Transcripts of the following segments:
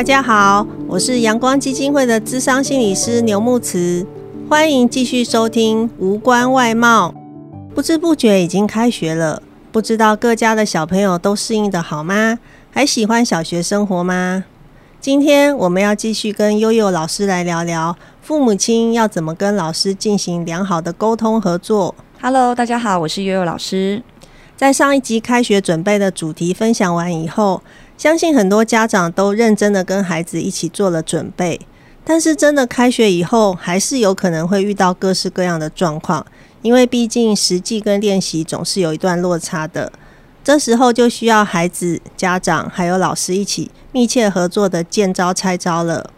大家好，我是陽光基金會的諮商心理師牛慕慈，歡迎繼續收聽《無關外貌》。不知不覺已經開學了，不知道各家的小朋友都適應得好嗎？還喜歡小學生活嗎？今天我們要繼續跟 YOYO 老師來聊聊父母親要怎麼跟老師進行良好的溝通合作。Hello，大家好，我是 YOYO 老師。在上一集開學準備的主題分享完以後，相信很多家長都認真的跟孩子一起做了準備，但是真的開學以後，還是有可能會遇到各式各樣的狀況，因為畢竟實際跟練習總是有一段落差的。這時候就需要孩子、家長還有老師一起密切合作的見招拆招了。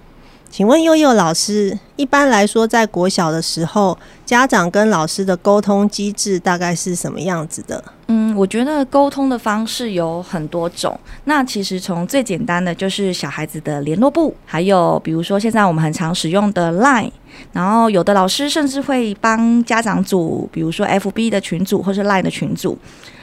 請問 YOYO 老師，一般來說，在國小的時候，家長跟老師的溝通機制大概是什麼樣子的？嗯，我覺得溝通的方式有很多種。那其實從最簡單的就是小孩子的聯絡簿，還有比如說現在我們很常使用的 Line，然後有的老師甚至會幫家長組，比如說 FB 的群組或是 Line 的群組。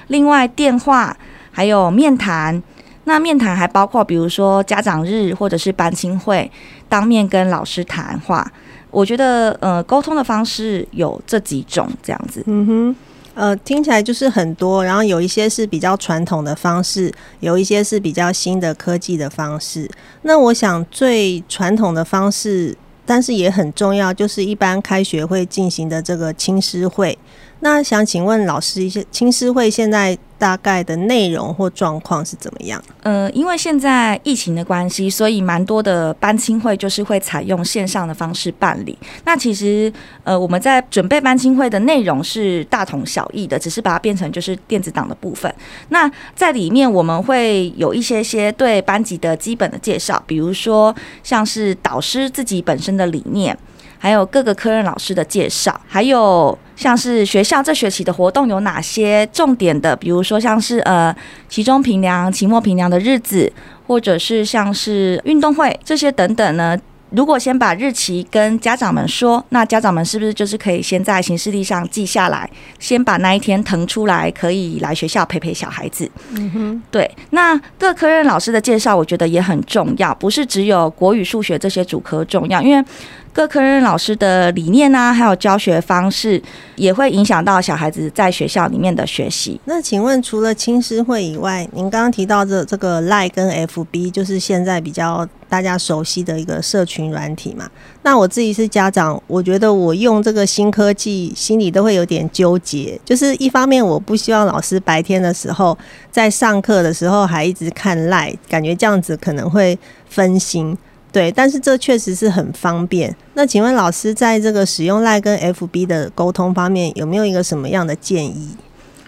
另外，電話還有面談。那面談還包括，比如說家長日或者是班親會，當面跟老師談話。我覺得，呃，溝通的方式有這幾種這樣子。嗯哼，呃，聽起來就是很多，然後有一些是比較傳統的方式，有一些是比較新的科技的方式。那我想最傳統的方式，但是也很重要，就是一般開學會進行的這個親師會。那想請問老師一些親師會現在大概的內容或狀況是怎麼樣？呃，因為現在疫情的關係，所以蠻多的班親會就是會採用線上的方式辦理。那其實呃，我們在準備班親會的內容是大同小異的，只是把它變成就是電子檔的部分。那在裡面我們會有一些些對班級的基本的介紹，比如說像是導師自己本身的理念，還有各個科任老師的介紹，還有。像是學校這學期的活動有哪些重點的？比如說像是呃，期中評量、期末評量的日子，或者是像是運動會這些等等呢？如果先把日期跟家長們說，那家長們是不是就是可以先在行事曆上記下來，先把那一天騰出來，可以來學校陪陪小孩子？嗯哼，對。那各科任老師的介紹，我覺得也很重要，不是只有國語、數學這些主科重要，因為。各科任老師的理念啊，還有教學方式，也會影響到小孩子在學校裡面的學習。那請問，除了親師會以外，您剛剛提到的這個 Line 跟 FB，就是現在比較大家熟悉的一個社群軟體嘛？那我自己是家長，我覺得我用這個新科技，心裡都會有點糾結。就是一方面，我不希望老師白天的時候在上課的時候還一直看 Line，感覺這樣子可能會分心。對，但是這確實是很方便。那請問老師，在這個使用 LINE 跟 FB 的溝通方面，有沒有一個什麼樣的建議？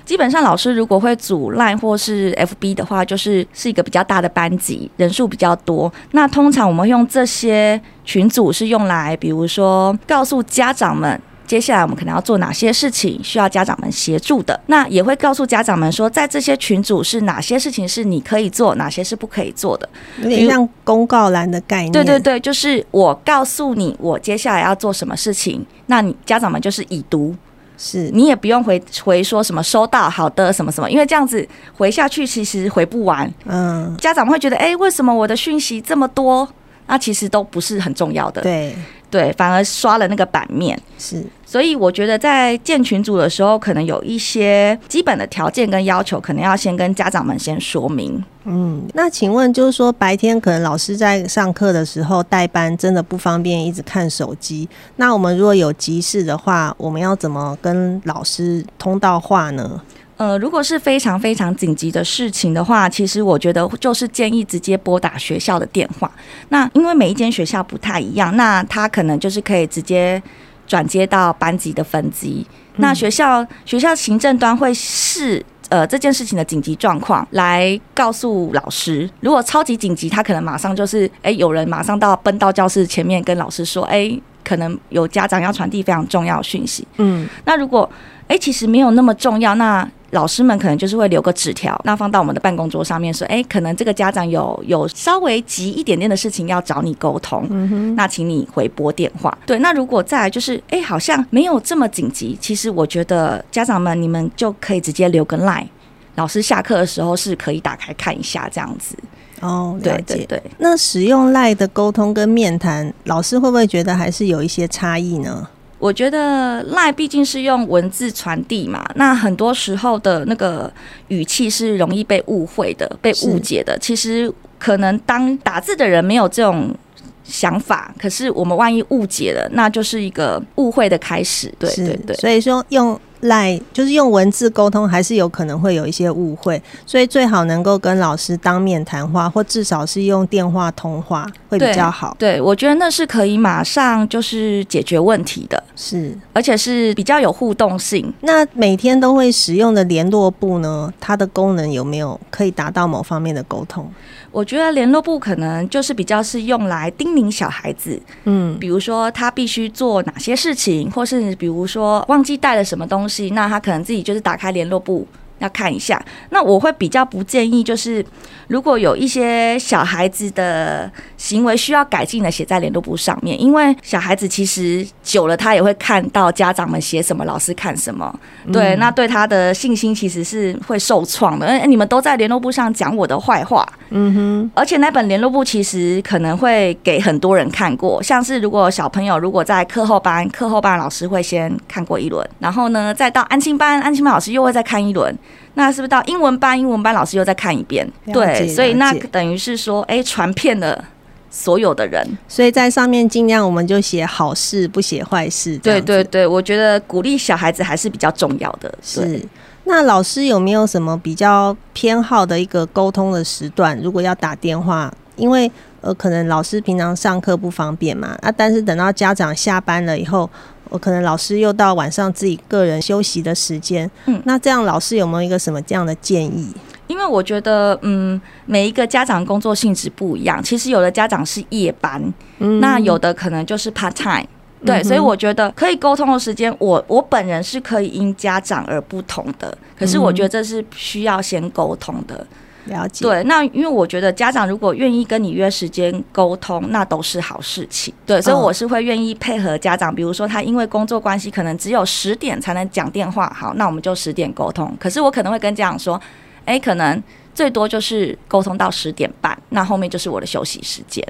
基本上，老師如果會組 LINE 或是 FB 的話，就是是一個比較大的班級，人數比較多。那通常我們用這些群組是用來，比如說告訴家長們。接下來我們可能要做哪些事情？需要家長們協助的，那也會告訴家長們說，在這些群組是哪些事情是你可以做，哪些是不可以做的。有點像公告欄的概念。對對對，就是我告訴你我接下來要做什麼事情，那你家長們就是已讀，是你也不用回回說什麼收到好的什麼什麼，因為這樣子回下去其實回不完。嗯，家長們會覺得，欸，為什麼我的訊息這麼多？那其實都不是很重要的。對。對，反而刷了那個版面是，所以我覺得在建群組的時候，可能有一些基本的條件跟要求，可能要先跟家長們先說明。嗯，那請問就是說，白天可能老師在上課的時候帶班，真的不方便一直看手機。那我們如果有急事的話，我們要怎麼跟老師通道話呢？呃，如果是非常非常緊急的事情的話，其實我覺得就是建議直接撥打學校的電話。那因為每一間學校不太一樣，那他可能就是可以直接轉接到班級的分機。那學校學校行政端會視呃這件事情的緊急狀況來告訴老師。如果超級緊急，他可能馬上就是哎、欸，有人馬上到奔到教室前面跟老師說，哎、欸，可能有家長要傳遞非常重要訊息。嗯，那如果哎、欸、其實沒有那麼重要，那老師們可能就是會留個紙條，那放到我們的辦公桌上面說，哎、欸，可能這個家長有有稍微急一點點的事情要找你溝通，嗯哼，那請你回撥電話。對，那如果再來就是，哎、欸，好像沒有這麼緊急，其實我覺得家長們你們就可以直接留個 Line，老師下課的時候是可以打開看一下這樣子。哦，對對對。那使用 Line 的溝通跟面談，老師會不會覺得還是有一些差異呢？我覺得 LINE 畢竟是用文字傳遞嘛，那很多時候的那個語氣是容易被誤會的，被誤解的。其實可能當打字的人沒有這種想法，可是我們萬一誤解了，那就是一個誤會的開始。對，對，對，對。所以說用。賴就是用文字溝通，還是有可能會有一些誤會，所以最好能夠跟老師當面談話，或至少是用電話通話會比較好。對，對，我覺得那是可以馬上就是解決問題的，是而且是比較有互動性。那每天都會使用的聯絡簿呢，它的功能有沒有可以達到某方面的溝通？我覺得聯絡簿可能就是比較是用來叮嚀小孩子，嗯，比如說他必須做哪些事情，或是比如說忘記帶了什麼東西，那他可能自己就是打開聯絡簿。要看一下，那我會比較不建議，就是如果有一些小孩子的行為需要改進的，寫在聯絡簿上面，因為小孩子其實久了，他也會看到家長們寫什麼，老師看什麼，對、嗯，那對他的信心其實是會受創的。因為，你們都在聯絡簿上講我的壞話，嗯哼，而且那本聯絡簿其實可能會給很多人看過，像是如果小朋友如果在課後班，課後班老師會先看過一輪，然後呢，再到安親班，安親班老師又會再看一輪。那是不是到英文班？英文班老師又再看一遍，對，所以那等於是說，哎、欸，傳遍了所有的人。所以在上面儘量我們就寫好事，不寫壞事。對對對，我覺得鼓勵小孩子還是比較重要的。是，那老師有沒有什麼比較偏好的一個溝通的時段？如果要打電話，因為呃，可能老師平常上課不方便嘛，啊，但是等到家長下班了以後。我可能老師又到晚上自己個人休息的時間，嗯，那這樣老師有沒有一個什麼這樣的建議？因為我覺得，嗯，每一個家長工作性質不一樣，其實有的家長是夜班，嗯，那有的可能就是 part time，嗯，對，所以我覺得可以溝通的時間，我我本人是可以因家長而不同的，可是我覺得這是需要先溝通的。嗯了解，對，那因為我覺得家長如果願意跟你約時間溝通，那都是好事情。對，哦、所以我是會願意配合家長。比如說他因為工作關係，可能只有十點才能講電話，好，那我們就十點溝通。可是我可能會跟家長說，哎、欸，可能最多就是溝通到十點半，那後面就是我的休息時間。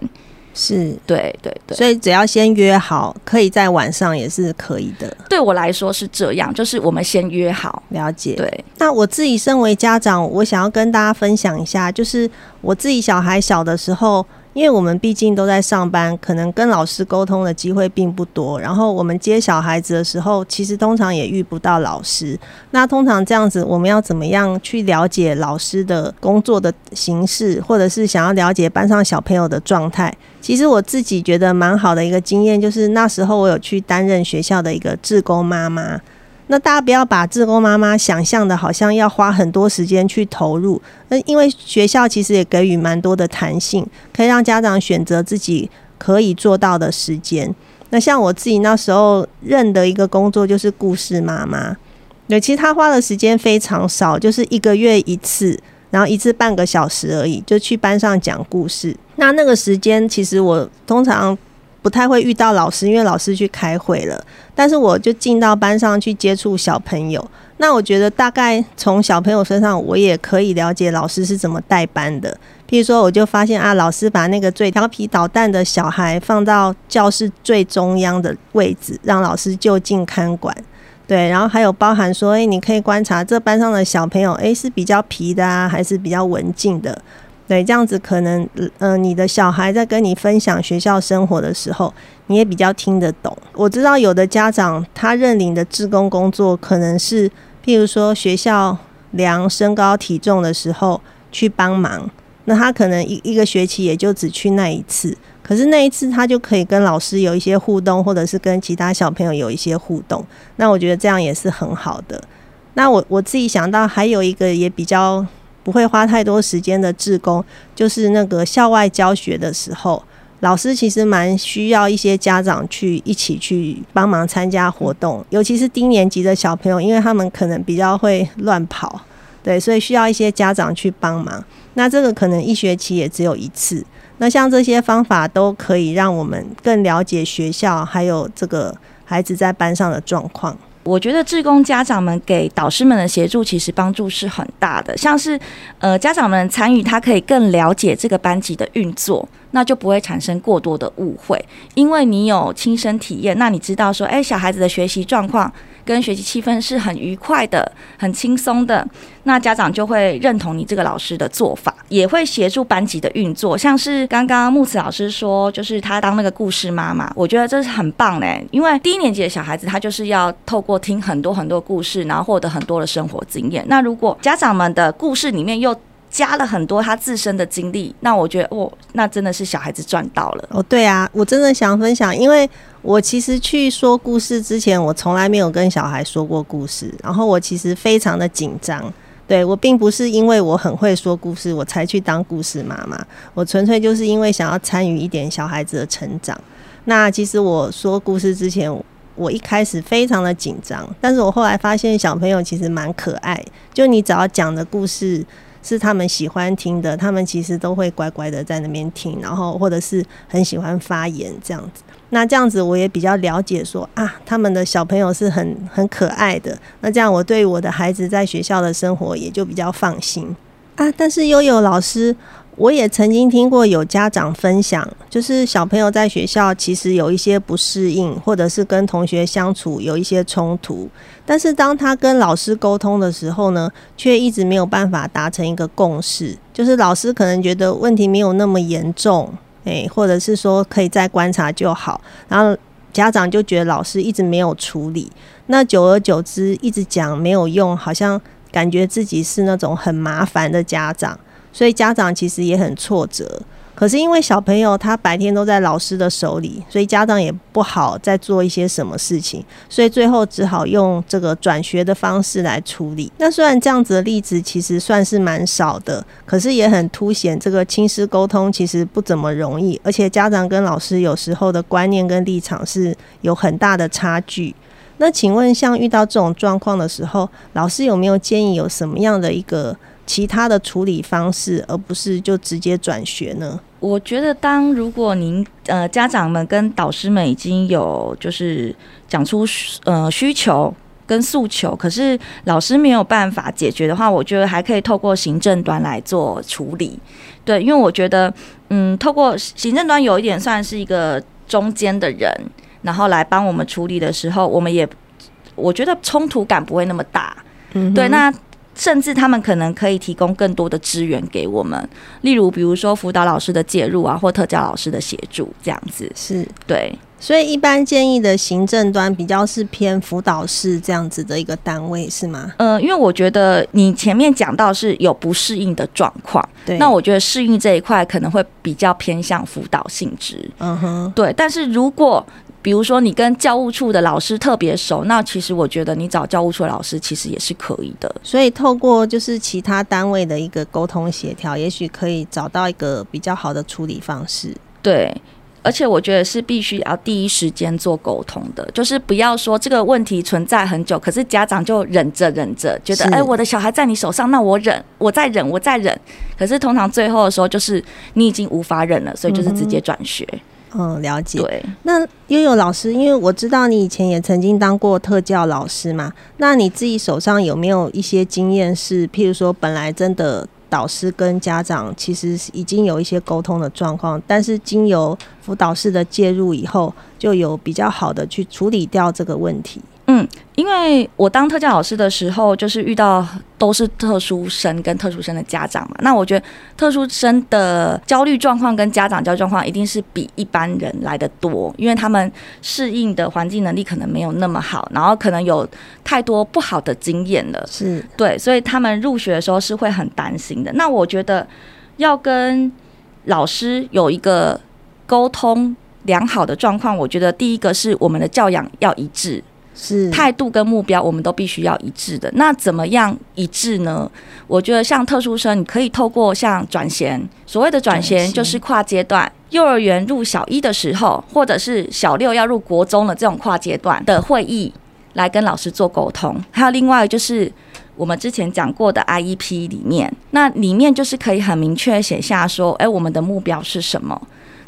是對對對，所以只要先約好，可以在晚上也是可以的。對我來說是這樣，就是我們先約好，了解。對，那我自己身為家長，我想要跟大家分享一下，就是我自己小孩小的時候。因為我們畢竟都在上班，可能跟老師溝通的機會並不多。然後我們接小孩子的時候，其實通常也遇不到老師。那通常這樣子，我們要怎麼樣去了解老師的工作的形式，或者是想要了解班上小朋友的狀態？其實我自己覺得蠻好的一個經驗，就是那時候我有去擔任學校的一個志工媽媽。那大家不要把志工媽媽想像得好像要花很多時間去投入。那因為學校其實也給予蠻多的彈性，可以讓家長選擇自己可以做到的時間。那像我自己那時候認的一個工作就是故事媽媽，對，其實他花的時間非常少，就是一個月一次，然後一次半個小時而已，就去班上講故事。那那個時間其實我通常不太會遇到老師，因為老師去開會了。但是我就進到班上去接觸小朋友。那我覺得大概從小朋友身上，我也可以了解老師是怎麼帶班的。譬如說，我就發現啊，老師把那個最調皮搗蛋的小孩放到教室最中央的位置，讓老師就近看管。對，然後還有包含說，哎，你可以觀察這班上的小朋友，哎，是比較皮的啊，還是比較文靜的。對，這樣子可能，嗯、呃，你的小孩在跟你分享學校生活的時候，你也比較聽得懂。我知道有的家長他認領的志工工作可能是，譬如說學校量身高體重的時候去幫忙，那他可能一一個學期也就只去那一次，可是那一次他就可以跟老師有一些互動，或者是跟其他小朋友有一些互動。那我覺得這樣也是很好的。那我我自己想到還有一個也比較。不會花太多時間的志工，就是那個校外教學的時候，老師其實蠻需要一些家長去一起去幫忙參加活動，尤其是低年級的小朋友，因為他們可能比較會亂跑，對，所以需要一些家長去幫忙。那這個可能一學期也只有一次。那像這些方法都可以讓我們更了解學校，還有這個孩子在班上的狀況。我覺得志工家長們給導師們的協助，其實幫助是很大的。像是，呃，家長們參與，他可以更了解這個班級的運作。那就不會產生過多的誤會，因為你有親身體驗，那你知道說，哎、欸，小孩子的學習狀況跟學習氣氛是很愉快的，很輕鬆的，那家長就會認同你這個老師的做法，也會協助班級的運作。像是剛剛慕慈老師說，就是他當那個故事媽媽，我覺得這是很棒的，欸，因為低年級的小孩子他就是要透過聽很多很多故事，然後獲得很多的生活經驗。那如果家長們的故事裡面又加了很多他自身的經歷，那我覺得哦，那真的是小孩子賺到了哦。對啊，我真的想分享，因為我其實去說故事之前，我從來沒有跟小孩說過故事，然後我其實非常的緊張。對，我並不是因為我很會說故事，我才去當故事媽媽，我純粹就是因為想要參與一點小孩子的成長。那其實我說故事之前，我一開始非常的緊張，但是我後來發現小朋友其實蠻可愛，就你只要講的故事。是他們喜歡聽的，他們其實都會乖乖的在那邊聽，然後或者是很喜歡發言這樣子。那這樣子我也比較了解說，說啊，他們的小朋友是很很可愛的。那這樣我對我的孩子在學校的生活也就比較放心啊。但是 YOYO 老師，我也曾經聽過有家長分享，就是小朋友在學校其實有一些不適應，或者是跟同學相處有一些衝突，但是當他跟老師溝通的時候呢，卻一直沒有辦法達成一個共識。就是老師可能覺得問題沒有那麼嚴重，哎、欸，或者是說可以再觀察就好，然後家長就覺得老師一直沒有處理，那久而久之，一直講沒有用，好像感覺自己是那種很麻煩的家長。所以家長其實也很挫折，可是因為小朋友他白天都在老師的手裡，所以家長也不好再做一些什麼事情，所以最後只好用這個轉學的方式來處理。那雖然這樣子的例子其實算是蠻少的，可是也很凸顯這個親師溝通其實不怎麼容易，而且家長跟老師有時候的觀念跟立場是有很大的差距。那請問，像遇到這種狀況的時候，老師有沒有建議有什麼樣的一個？其他的處理方式，而不是就直接轉學呢？我覺得，當如果您呃家長們跟導師們已經有就是講出呃需求跟訴求，可是老師沒有辦法解決的話，我覺得還可以透過行政端來做處理。對，因為我覺得嗯，透過行政端有一點算是一個中間的人，然後來幫我們處理的時候，我們也我覺得衝突感不會那麼大。嗯，對，那。甚至他們可能可以提供更多的資源給我們，例如比如說輔導老師的介入啊，或特教老師的協助這樣子。是，對。所以一般建議的行政端比較是偏輔導室這樣子的一個單位是嗎？呃，因為我覺得你前面講到是有不適應的狀況，對。那我覺得適應這一塊可能會比較偏向輔導性質。嗯哼，對。但是如果比如說，你跟教務處的老師特別熟，那其實我覺得你找教務處的老師其實也是可以的。所以透過就是其他單位的一個溝通協調，也許可以找到一個比較好的處理方式。對，而且我覺得是必須要第一時間做溝通的，就是不要說這個問題存在很久，可是家長就忍着忍着，覺得哎、欸，我的小孩在你手上，那我忍，我忍，我再忍，我再忍。可是通常最後的時候就是你已經無法忍了，所以就是直接轉學。嗯。嗯，了解。對。那 YOYO 老師，因為我知道你以前也曾經當過特教老師嘛，那你自己手上有沒有一些經驗？是譬如說，本來真的導師跟家長其實已經有一些溝通的狀況，但是經由輔導室的介入以後，就有比較好的去處理掉這個問題。因為我當特教老師的時候，就是遇到都是特殊生跟特殊生的家長嘛。那我覺得特殊生的焦慮狀況跟家長焦慮狀況一定是比一般人來得多，因為他們適應的環境能力可能沒有那麼好，然後可能有太多不好的經驗了。是對，所以他們入學的時候是會很擔心的。那我覺得要跟老師有一個溝通良好的狀況，我覺得第一個是我們的教養要一致。是態度跟目標，我們都必須要一致的。那怎麼樣一致呢？我覺得像特殊生，你可以透過像轉銜，所謂的轉銜就是跨階段，幼兒園入小一的時候，或者是小六要入國中的這種跨階段的會議，來跟老師做溝通。還有另外就是我們之前講過的 IEP 裡面，那裡面就是可以很明確寫下說，哎、欸，我們的目標是什麼？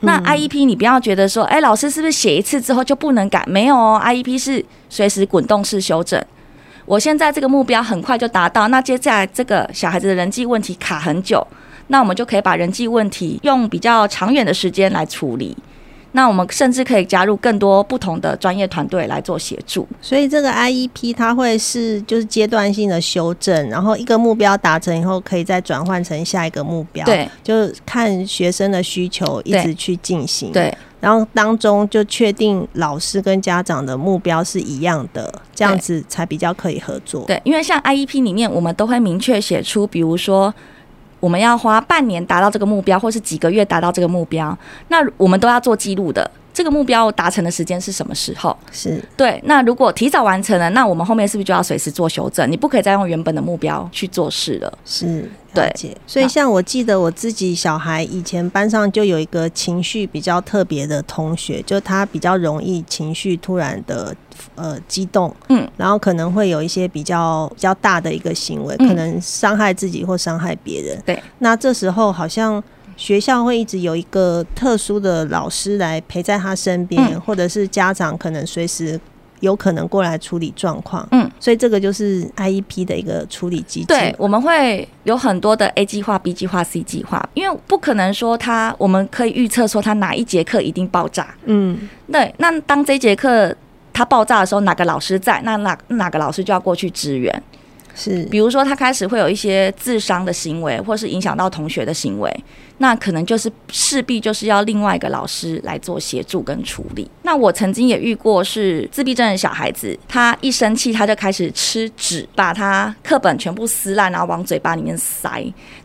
那 IEP 你不要覺得說，哎、欸，老師是不是寫一次之後就不能改？沒有哦，IEP 是隨時滾動式修正。我現在這個目標很快就達到，那接下來這個小孩子的人際問題卡很久，那我們就可以把人際問題用比較長遠的時間來處理。那我們甚至可以加入更多不同的專業團隊來做協助。所以這個 IEP 它會是就是階段性的修正，然後一個目標達成以後，可以再轉換成下一個目標。對，就是看學生的需求一直去進行。對。然後當中就確定老師跟家長的目標是一樣的，這樣子才比較可以合作。對，對，因為像 IEP 裡面，我們都會明確寫出，比如說。我們要花半年達到這個目標，或是幾個月達到這個目標，那我們都要做記錄的。這個目標達成的時間是什麼時候？是對。那如果提早完成了，那我們後面是不是就要隨時做修正？你不可以再用原本的目標去做事了。是，對。所以，像我記得我自己小孩以前班上就有一個情緒比較特別的同學，就他比較容易情緒突然的呃激動，嗯，然後可能會有一些比較比較大的一個行為，嗯、可能傷害自己或傷害別人。對。那這時候好像。學校會一直有一個特殊的老師來陪在他身邊，嗯，或者是家長可能隨時有可能過來處理狀況。嗯，所以這個就是 IEP 的一個處理機制。對，我們會有很多的 A 計劃、B 計劃、C 計劃，因為不可能說他我們可以預測說他哪一節課一定爆炸。嗯，對。那當這節課他爆炸的時候，哪個老師在？那哪哪個老師就要過去支援。是，比如說他開始會有一些自傷的行為，或是影響到同學的行為，那可能就是勢必就是要另外一個老師來做協助跟處理。那我曾經也遇過是自閉症的小孩子，他一生氣他就開始吃紙，把他課本全部撕爛，然後往嘴巴裡面塞。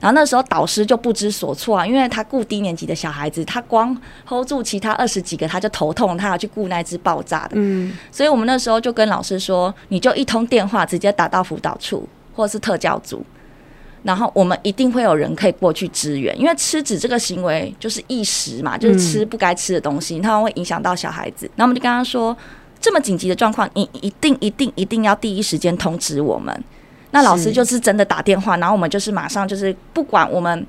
然後那時候導師就不知所措啊，因為他顧低年級的小孩子，他光 hold 住其他二十幾個，他就頭痛，他要去顧那隻爆炸的。嗯，所以我們那時候就跟老師說，你就一通電話直接打到輔導處。或是特教組，然後我們一定會有人可以過去支援，因為吃紙這個行為就是異食嘛，就是吃不該吃的東西，它、嗯、會影響到小孩子。那我們就跟他說，這麼緊急的狀況，你一定一定一定要第一時間通知我們。那老師就是真的打電話，然後我們就是馬上就是不管我們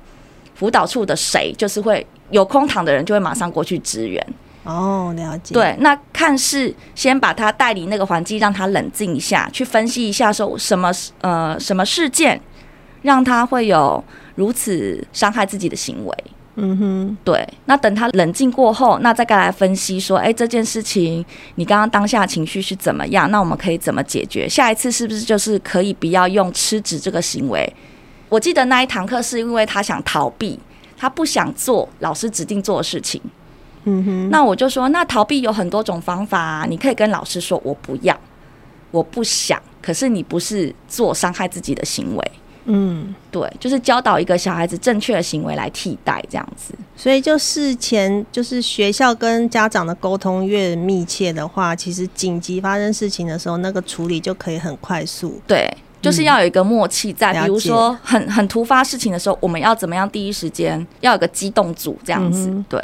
輔導處的誰，就是會有空檔的人就會馬上過去支援。哦，了解。對，那看是先把他帶離那個環境，讓他冷靜一下，去分析一下說什麼呃什麼事件，讓他會有如此傷害自己的行為。嗯哼，對。那等他冷靜過後，那再該來分析說，哎，這件事情你剛剛當下的情緒是怎麼樣？那我們可以怎麼解決？下一次是不是就是可以不要用吃紙這個行為？我記得那一堂課是因為他想逃避，他不想做老師指定做的事情。那我就說，那逃避有很多種方法啊，你可以跟老師說，我不要，我不想。可是你不是做傷害自己的行為。嗯，對，就是教導一個小孩子正確的行為來替代這樣子。所以就事前就是學校跟家長的溝通越密切的話，其實緊急發生事情的時候，那個處理就可以很快速。對，就是要有一個默契在，嗯，比如說很很突發事情的時候，我們要怎麼樣第一時間要有個機動組這樣子。嗯，對。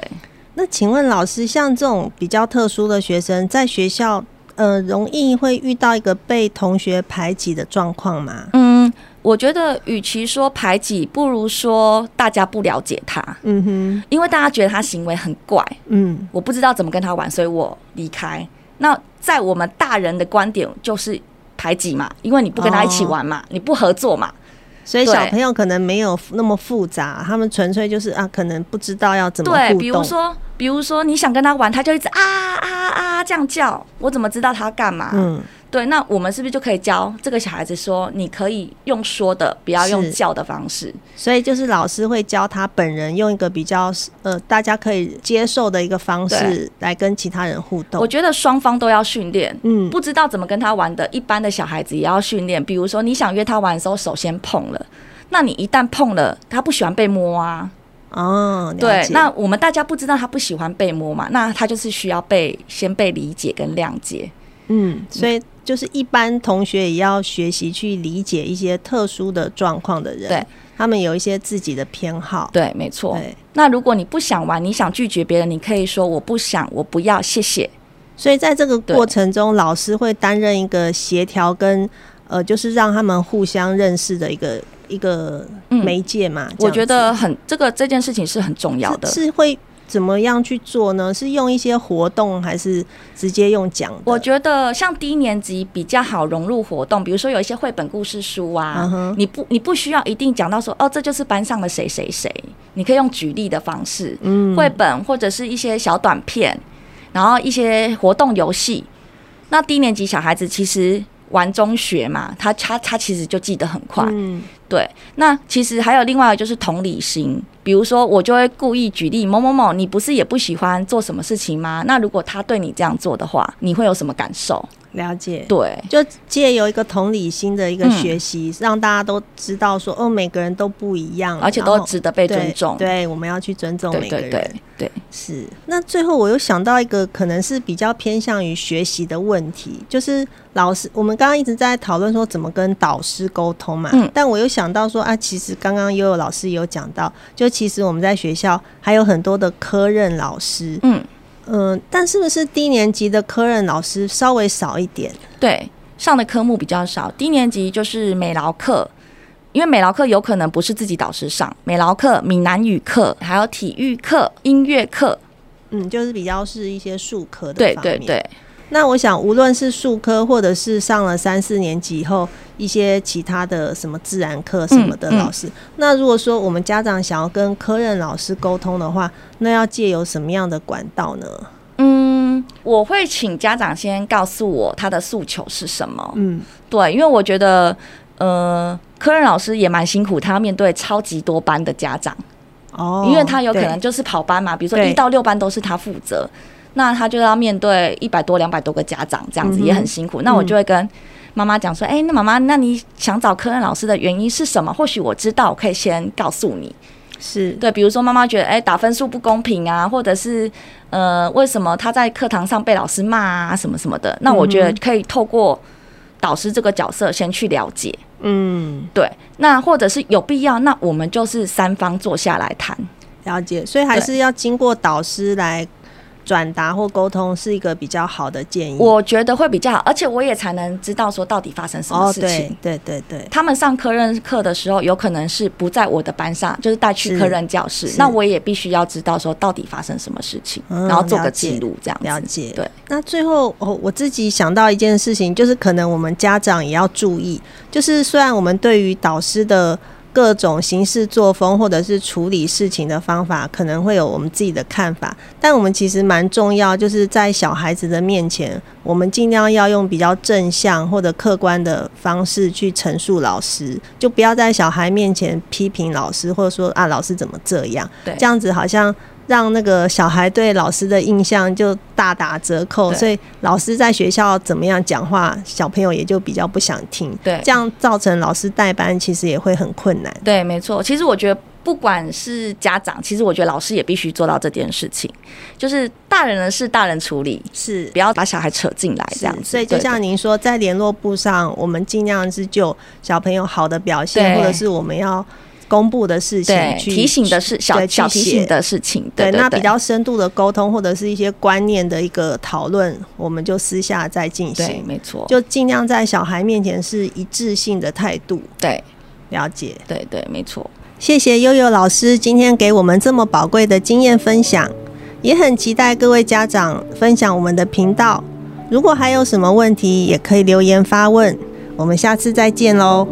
那請問老師，像這種比較特殊的學生，在學校，呃，容易會遇到一個被同學排擠的狀況嗎？嗯，我覺得與其說排擠，不如說大家不了解他。嗯哼，因為大家覺得他行為很怪。嗯，我不知道怎麼跟他玩，所以我離開。那在我們大人的觀點，就是排擠嘛，因為你不跟他一起玩嘛，哦，你不合作嘛。所以小朋友可能沒有那麼複雜，他們純粹就是啊，可能不知道要怎麼互動，對。比如說，比如說你想跟他玩，他就一直啊啊啊，啊，啊這樣叫，我怎麼知道他幹嘛？嗯。對，那我們是不是就可以教這個小孩子說，你可以用說的，不要用叫的方式？所以就是老師會教他本人用一個比較呃大家可以接受的一個方式來跟其他人互動。我覺得雙方都要訓練，嗯，不知道怎麼跟他玩的，一般的小孩子也要訓練。比如說你想約他玩的時候，手先碰了，那你一旦碰了，他不喜歡被摸啊。哦，對，那我們大家不知道他不喜歡被摸嘛，那他就是需要被先被理解跟諒解。嗯，所以就是一般同學也要學習去理解一些特殊的狀況的人，對，他們有一些自己的偏好，對，沒錯。對，那如果你不想玩，你想拒絕別人，你可以說我不想，我不要，謝謝。所以在這個過程中，老師會擔任一個協調跟呃，就是讓他們互相認識的一個一個媒介嘛。嗯，我覺得很這個這件事情是很重要的，是，是會。.怎麼樣去做呢？是用一些活動，還是直接用講的？我覺得像低年級比較好融入活動，比如說有一些繪本故事書啊，uh -huh. 你不你不需要一定講到說哦，這就是班上的誰誰誰，你可以用舉例的方式，嗯、繪本或者是一些小短片，然後一些活動遊戲。那低年級小孩子其實玩中學嘛，他他他其實就記得很快。嗯。對，那其實還有另外一個就是同理心，比如說我就會故意舉例某某某，你不是也不喜歡做什麼事情嗎？那如果他對你這樣做的話，你會有什麼感受？了解，對，就借由一個同理心的一個學習，嗯，讓大家都知道說，哦，每個人都不一樣，而且都值得被尊重對對。對，我們要去尊重每個人。對、對、對、對，是。那最後我又想到一個可能是比較偏向於學習的問題，就是老師，我們剛剛一直在討論說怎麼跟導師溝通嘛。嗯、但我又想到說啊，其實剛剛 YOYO 老師也有講到，就其實我們在學校還有很多的科任老師。嗯。嗯、呃，但是不是低年級的科任老師稍微少一點？對，上的科目比較少。低年級就是美勞課，因為美勞課有可能不是自己導師上，美勞課、閩南語課，還有體育課、音樂課。嗯，就是比較是一些術科的方面。對對對。那我想，無論是數科，或者是上了三四年級以後，一些其他的什麼自然課什麼的老師，嗯嗯，那如果說我們家長想要跟科任老師溝通的話，那要借由什麼樣的管道呢？嗯，我會請家長先告訴我他的訴求是什麼。嗯，對，因為我覺得，呃，科任老師也蠻辛苦，他要面對超級多班的家長。哦，因為他有可能就是跑班嘛，比如說一到六班都是他負責。那他就要面對一百多、兩百多個家長，這樣子也很辛苦、嗯。那我就會跟媽媽講說：“哎、嗯欸，那媽媽，那你想找科任老師的原因是什麼？或許我知道，我可以先告訴你。是對，比如說媽媽覺得哎、欸、打分數不公平啊，或者是呃為什麼他在課堂上被老師罵啊什麼什麼的。那我覺得可以透過導師這個角色先去了解。嗯，對。那或者是有必要，那我們就是三方坐下來談。了解，所以還是要經過導師來。轉達或溝通是一個比較好的建議，我覺得會比較好，而且我也才能知道說到底發生什麼事情。哦、對對對，對他們上科任課的時候，有可能是不在我的班上，就是帶去科任教室，那我也必須要知道說到底發生什麼事情，嗯、然後做個記錄這樣子了。了解，對。那最後，哦，我自己想到一件事情，就是可能我們家長也要注意，就是雖然我們對於導師的。各種行事作風，或者是處理事情的方法，可能會有我們自己的看法。但我們其實蠻重要，就是在小孩子的面前，我們儘量要用比較正向或者客觀的方式去陳述老師，就不要在小孩面前批評老師，或者說啊，老師怎麼這樣，這樣子好像。讓那個小孩對老師的印象就大打折扣，所以老師在學校怎麼樣講話，小朋友也就比較不想聽。對，這樣造成老師帶班其實也會很困難。對，沒錯。其實我覺得，不管是家長，其實我覺得老師也必須做到這件事情，就是大人的事大人處理是，是不要把小孩扯進來這樣子。所以就像您說，對對對，在聯絡部上，我們儘量是就小朋友好的表現，或者是我們要。公布的事情，提醒的事，小小提醒的事情對對對。對，那比較深度的溝通或者是一些觀念的一個討論，我們就私下再進行。對，沒錯，就儘量在小孩面前是一致性的態度。對，了解。對對，對，沒錯。謝謝 YOYO 老師今天給我們這麼寶貴的經驗分享，也很期待各位家長分享我們的頻道。如果還有什麼問題，也可以留言發問。我們下次再見嘍。